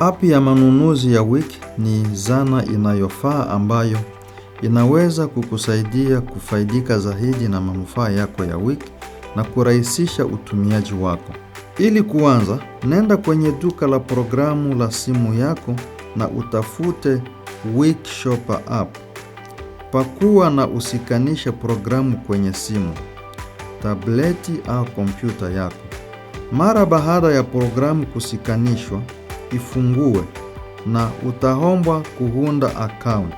App ya manunuzi ya wik ni zana inayofaa ambayo inaweza kukusaidia kufaidika zaidi na manufaa yako ya wik na kurahisisha utumiaji wako. Ili kuanza, nenda kwenye duka la programu la simu yako na utafute WIC Shopper app. Pakua na usikanishe programu kwenye simu, tableti au kompyuta yako. Mara baada ya programu kusikanishwa, ifungue na utaombwa kuunda akaunti.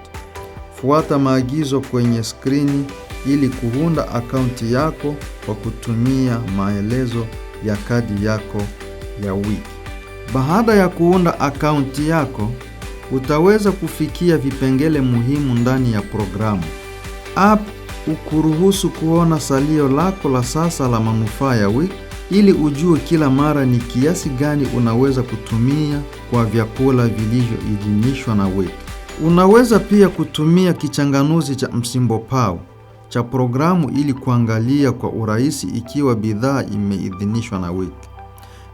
Fuata maagizo kwenye skrini ili kuunda akaunti yako kwa kutumia maelezo ya kadi yako ya wiki. Baada ya kuunda akaunti yako, utaweza kufikia vipengele muhimu ndani ya programu. App ukuruhusu kuona salio lako la sasa la manufaa ya wiki ili ujue kila mara ni kiasi gani unaweza kutumia kwa vyakula vilivyoidhinishwa na WEC. Unaweza pia kutumia kichanganuzi cha msimbo pau cha programu ili kuangalia kwa urahisi ikiwa bidhaa imeidhinishwa na WEC.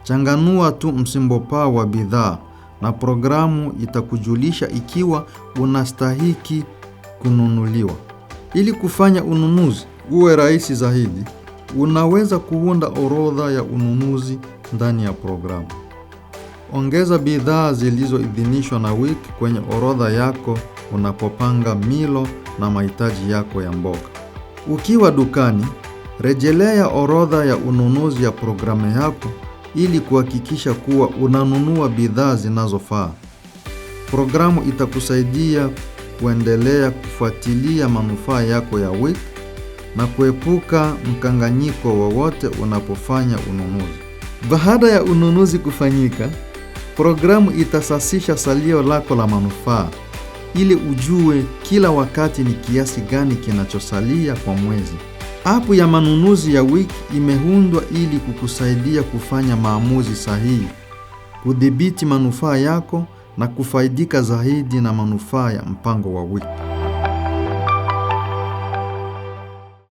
Changanua tu msimbopao wa bidhaa na programu itakujulisha ikiwa unastahiki kununuliwa. Ili kufanya ununuzi uwe rahisi zaidi, Unaweza kuunda orodha ya ununuzi ndani ya programu. Ongeza bidhaa zilizoidhinishwa na WIC kwenye orodha yako unapopanga milo na mahitaji yako ya mboga. Ukiwa dukani, rejelea orodha ya ununuzi ya programu yako ili kuhakikisha kuwa unanunua bidhaa zinazofaa. Programu itakusaidia kuendelea kufuatilia manufaa yako ya wiki na kuepuka mkanganyiko wowote unapofanya ununuzi. Baada ya ununuzi kufanyika, programu itasasisha salio lako la manufaa ili ujue kila wakati ni kiasi gani kinachosalia kwa mwezi. Apu ya manunuzi ya wiki imeundwa ili kukusaidia kufanya maamuzi sahihi, kudhibiti manufaa yako na kufaidika zaidi na manufaa ya mpango wa wiki.